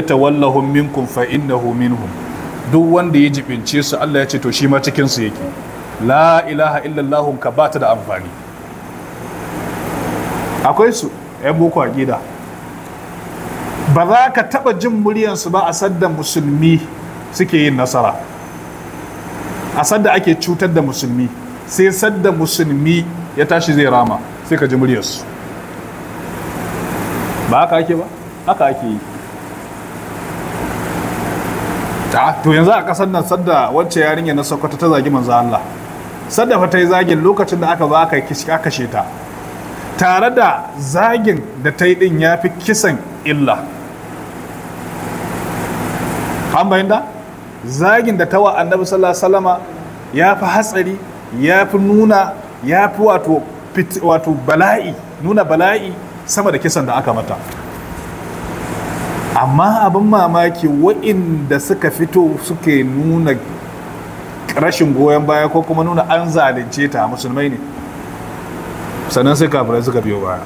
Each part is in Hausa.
yatawallahum minkum fa innahu minhum duk wanda ya jibince su Allah ya ce to shi ma cikin su yake la ilaha illallah ka bata da amfani akwai su ƴan boko a gida ba za ka taba jin muryan ba a sadda musulmi suke yin nasara a sadda ake cutar da musulmi sai sadda musulmi ya tashi zai rama sai ka ji muryarsu ba haka ake ba haka ake yi to yanzu a kasar nan sadda wacce yarinya na sokoto ta zagi manzo Allah sadda fa ta yi zagin lokacin da aka zo aka kishi aka ta tare da zagin da ta yi din ya fi kisan illa an da zagin da tawa annabi sallallahu alaihi wasallama ya fi hatsari ya fi nuna ya fi wato bala'i nuna bala'i sama da kisan da aka mata amma abin mamaki waɗanda suka fito suke nuna rashin goyon baya ko kuma nuna an zalunce ta musulmai ne sannan sai kafirai suka biyo baya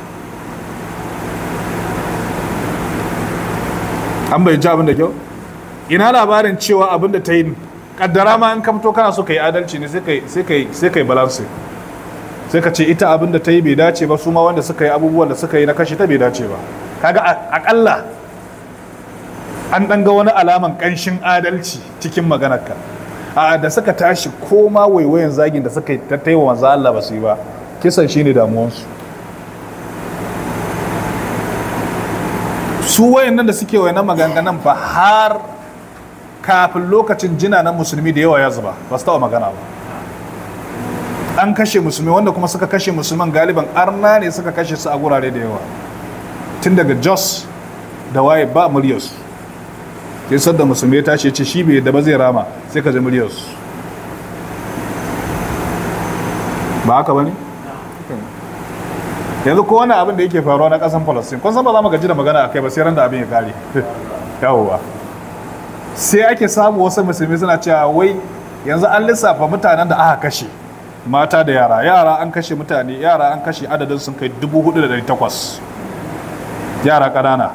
an bai ji abin da kyau ina labarin cewa abin da ta yi kaddara ma an kamto kana so ka yi adalci ne sai ka yi balance sai ka ce ita abin da ta yi bai dace ba su ma wanda suka yi abubuwan da suka yi na kashe ta bai dace ba kaga akalla an ɗan ga wani alaman ƙanshin adalci cikin maganarka a da suka tashi koma waiwayin zagin da suka ta taiwa manzo Allah ba su yi ba kisan shine damuwansu su wayannan da suke wayannan maganganun fa har kafin lokacin jina na musulmi da yawa ya zuba ba su taɓa magana ba an kashe musulmi wanda kuma suka kashe musulman galiban arna ne suka kashe su a gurare da yawa tun daga jos da waye ba muryarsu sai sadda musulmi ya tashi ya ce shi bai da ba zai rama sai ka zama riyarsu ba haka ba ne yanzu ko wani abin da yake faruwa na kasan palestine kun san ba za mu gaji da magana a kai ba sai ran da abin ya kare yawowa sai ake samu wasu musulmi suna cewa wai yanzu an lissafa mutanen da aka kashe mata da yara yara an kashe mutane yara an kashe adadin sun kai 4,800 yara ƙanana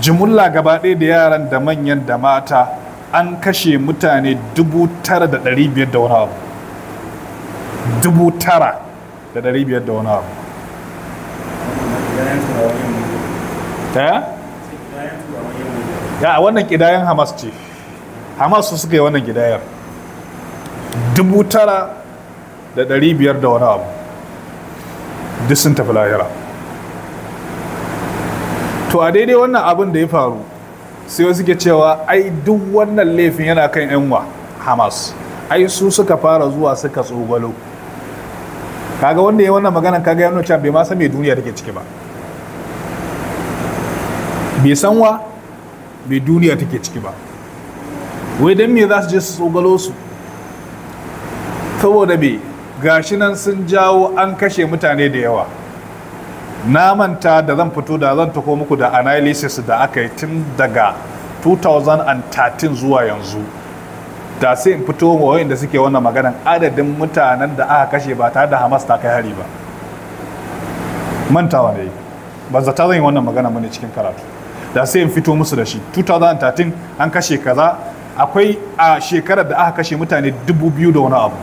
jimulla gaba ɗaya da yaran da manyan da mata an kashe mutane dubu tara da ɗari biyar da wani abu dubu tara da ɗari biyar da wani abu ta eh? ya wannan ƙidayen hamas ce hamas su suka yi wannan ƙidayar dubu tara da ɗari biyar da wani abu duk sun tafi lahira to a daidai wannan abin da ya faru sai wasu ke cewa ai duk wannan laifin yana kan yanwa hamas ai su suka fara zuwa suka tsogalo kaga wanda ya wannan magana kaga yano cewa bai ma san me duniya take ciki ba bai san wa mai duniya take ciki ba wai dan me za su je su tsogalo su saboda bai gashi nan sun jawo an kashe mutane da yawa na manta da zan fito da zan tako muku da analysis da aka yi tun daga 2013 zuwa yanzu da sai in fito wa da suke wannan maganan adadin mutanen da aka kashe ba tare da hamas ta kai hari ba mantawa ne ba zata zan yi wannan magana mune cikin karatu da sai in fito musu da shi 2013 an kashe kaza akwai a shekarar da aka kashe mutane dubu biyu da wani abu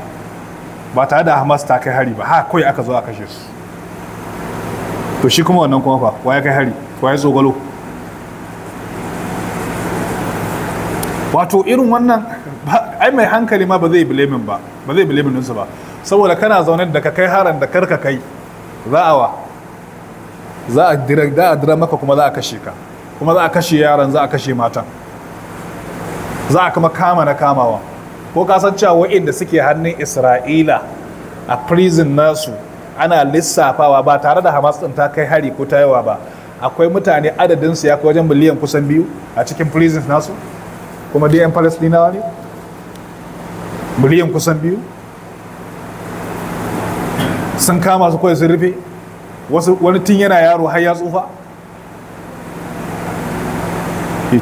ba tare da hamas ta kai hari ba ha kawai aka zo a kashe su to shi kuma wannan kuma fa wa ya kai hari wa ya tsogalo wato irin wannan ai mai hankali ma ba zai bilemin ba ba zai bilemin ninsu ba saboda kana zaune da ka kai haran da karka kai za a wa za a dira maka kuma za a kashe ka kuma za a kashe yaran za a kashe matan za a kuma kama na kamawa ko kasancewa da suke hannun isra'ila a prison nasu ana lissafawa ba tare da hamas ɗin ta kai hari ko ta yawa ba akwai mutane adadin su ya kai wajen miliyan kusan biyu a cikin prisons nasu kuma dai yan palestinawa ne miliyan kusan biyu sun kama su kawai sun rufe wani tun yana yaro har ya tsufa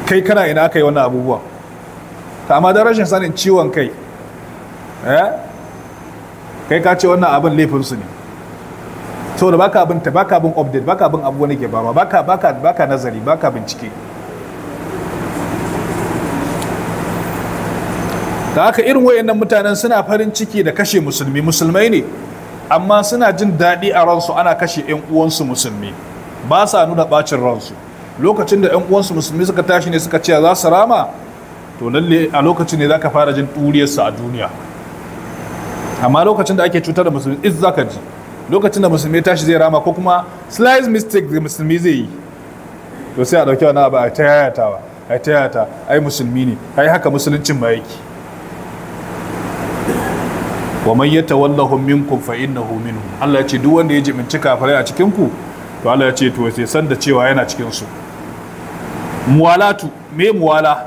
kai kana ina aka yi wannan abubuwa ta amma don rashin sanin ciwon kai eh? kai ka ce wannan abin laifinsu ne da baka abin ta baka abin update baka abin abu wani ke ba baka baka baka nazari baka bincike da haka irin wayannan mutanen suna farin ciki da kashe musulmi musulmai ne amma suna jin daɗi a ransu ana kashe 'yan uwansu musulmi ba sa nuna ɓacin ransu lokacin da 'yan uwansu musulmi suka tashi ne suka ce za su rama to lalle a lokacin ne za ka fara jin ɗuriyarsa a duniya amma lokacin da ake cutar da musulmi iz za ka ji lokacin da musulmi tashi zai rama ko kuma slice mistake da musulmi zai yi to sai a dauki wani abu a ta yayatawa a ta yayata ai musulmi ne ai haka musuluncin ma yake wa man yatawallahum minkum fa innahu minhum Allah ya ce duk wanda ya jiminci kafirai a cikin ku to Allah ya ce to sai san da cewa yana cikin su muwalatu me muwala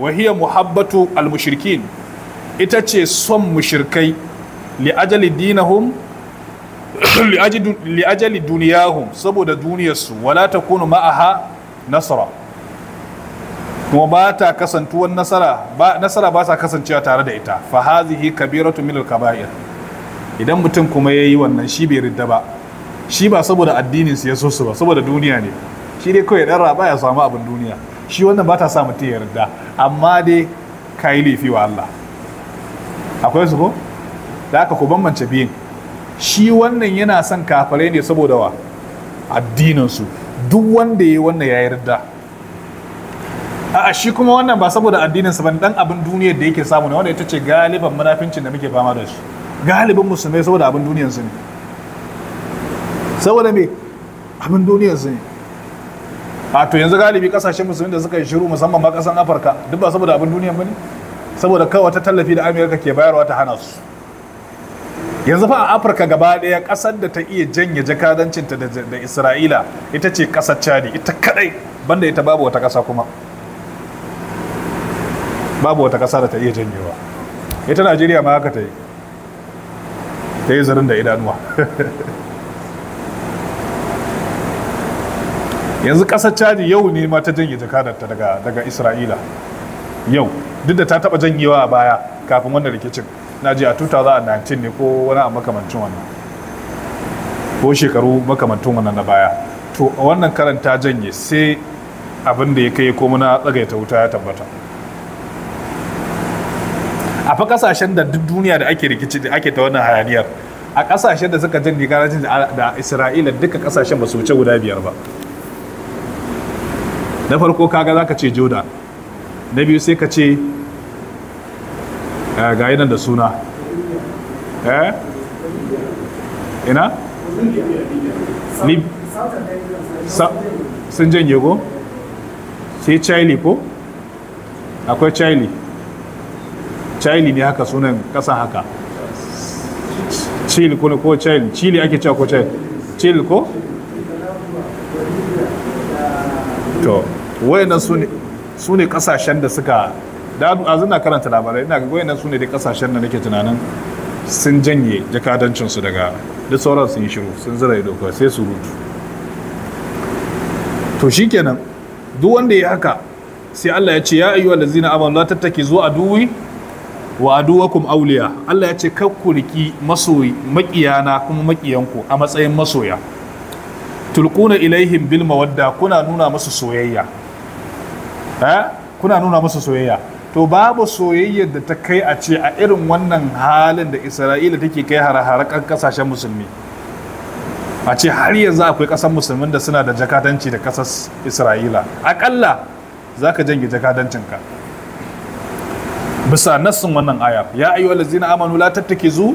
wa hiya muhabbatu al-mushrikin ita ce son mushrikai li ajali dinahum li'ajali duniyahu saboda duniyarsu wala kunu ma'aha nasara kuma ba ta kasantuwar nasara ba nasara ba sa kasancewa tare da ita fa hazihi kabiratu min al-kaba'ir idan mutum kuma yayi wannan shi bai ridda ba shi ba saboda addinin su ya su ba saboda duniya ne shi dai kawai dan raba ya samu abin duniya shi wannan ba ta sa mutum ya ridda amma dai kai laifi wa Allah akwai su ko da aka ku bambance biyin shi wannan yana son kafare ne saboda wa addininsu duk wanda ya yi wannan ya yarda a shi kuma wannan ba saboda addininsa ba dan abin duniyar da yake samu ne wanda ita ce galiban munafincin da muke fama da shi galibin musulmai saboda abin duniyarsu ne saboda me abin duniyarsu ne a to yanzu galibi kasashen musulmi da suka yi shiru musamman ba kasan afirka duk ba saboda abin duniya ba ne saboda kawai ta tallafi da amerika ke bayarwa ta hana su yanzu fa a afirka gaba daya kasar da ta iya janye jakadancinta da isra'ila ita ce kasar chadi ita kadai banda ita babu wata kasa kuma babu wata kasa da ta iya janyewa ita najeriya ma haka ta yi ta yi zarin da idanuwa yanzu kasar chadi yau ne ma ta janye jakadanta daga isra'ila yau duk da ta taba janyewa a baya kafin wannan rikicin na ji a 2019 ne ko wani a makamancin wannan ko shekaru makamantun wannan na baya to a wannan karan janye sai abin da ya kai ko muna tsagaita wuta ya tabbata a fa kasashen da duk duniya da ake rikici da ake ta wannan hayaniyar a kasashen da suka janye garancin da isra'ila duka kasashen ba su wuce guda biyar ba na farko kaga za ka ce joda na biyu sai ka ce Eh, ga yi nan da suna eh ina lib sun janye go sai chile ko akwai chile chile ne haka sunan kasan haka chile ko ko chile chile ake cewa ko chile chile ko to wayannan su ne kasashen da suka da a zina karanta labarai ina ga nan su ne dai kasashen da nake tunanin sun janye jakadancinsu daga duk sauran sun yi shiru sun zira ido kawai sai su rutu to shikenan duk wanda ya haka sai Allah ya ce ya ayyuha allazina amanu la zuwa aduwi wa aduwakum awliya Allah ya ce kar ku riki masoyi makiyana kuma makiyanku a matsayin masoya tulquna ilaihim bil mawadda kuna nuna musu soyayya eh? kuna nuna musu soyayya to babu soyayyar da ta kai a ce a irin wannan halin da isra'ila take kai hare-haren kasashen musulmi a ce har yanzu akwai kasar musulmin da suna da jakadanci da kasar isra'ila akalla za ka jange jakadancinka bisa nassin wannan aya ya ayyuwa lazina amanu la zu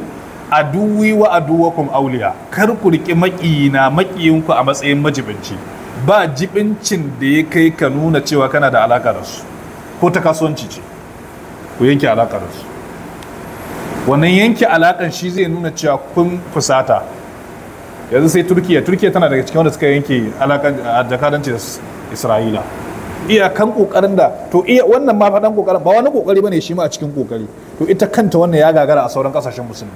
duwi wa aduwakum auliya kar ku riƙe maƙiyina maƙiyinku a matsayin majibinci ba jibincin da ya kai ka nuna cewa kana da alaƙa da su ko ta kasuwanci ce ku yanke alaƙa da su wannan yanke alaƙar shi zai nuna cewa kun fusata yanzu sai turkiya turkiya tana daga cikin wanda suka yanke alaƙan jakadanci da isra'ila iyakan ƙoƙarin da to iya wannan ma faɗan ƙoƙarin ba wani ba bane shi ma a cikin ƙoƙari to ita kanta wannan ya gagara a sauran ƙasashen musulmi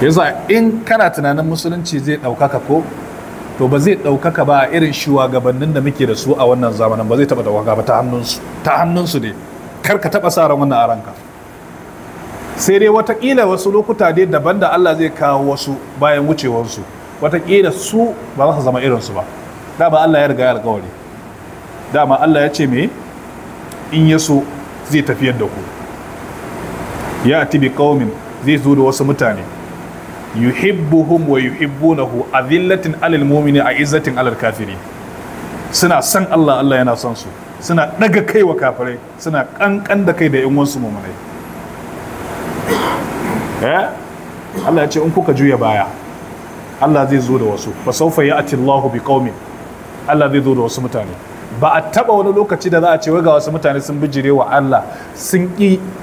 yanzu in kana tunanin musulunci zai ɗaukaka ko to ba zai ɗaukaka ba a irin shugabannin da muke da su a wannan zamanin ba zai taɓa ɗaukaka ba ta hannunsu ta hannunsu ne kar ka taɓa sa ran wannan a ranka sai dai watakila wasu lokuta dai daban da Allah zai kawo wasu bayan wucewarsu watakila su ba za su zama irinsu ba dama Allah ya riga ya alkawari dama Allah ya ce me in ya so zai tafiyar da ku ya ati zai zo da wasu mutane yuhibbuhum wa yuhibbunahu azillatin alal mu'mini a izzatin alal kafiri suna san Allah Allah yana son su suna daga kai wa kafirai suna kankan da kai da yan wasu mu'minai eh Allah ya ce in kuka juya baya Allah zai zo da wasu fa sawfa ya'ti Allahu biqaumin Allah zai zo da wasu mutane ba a taba wani lokaci da za a ce wai ga wasu mutane sun bijire wa Allah sun ƙi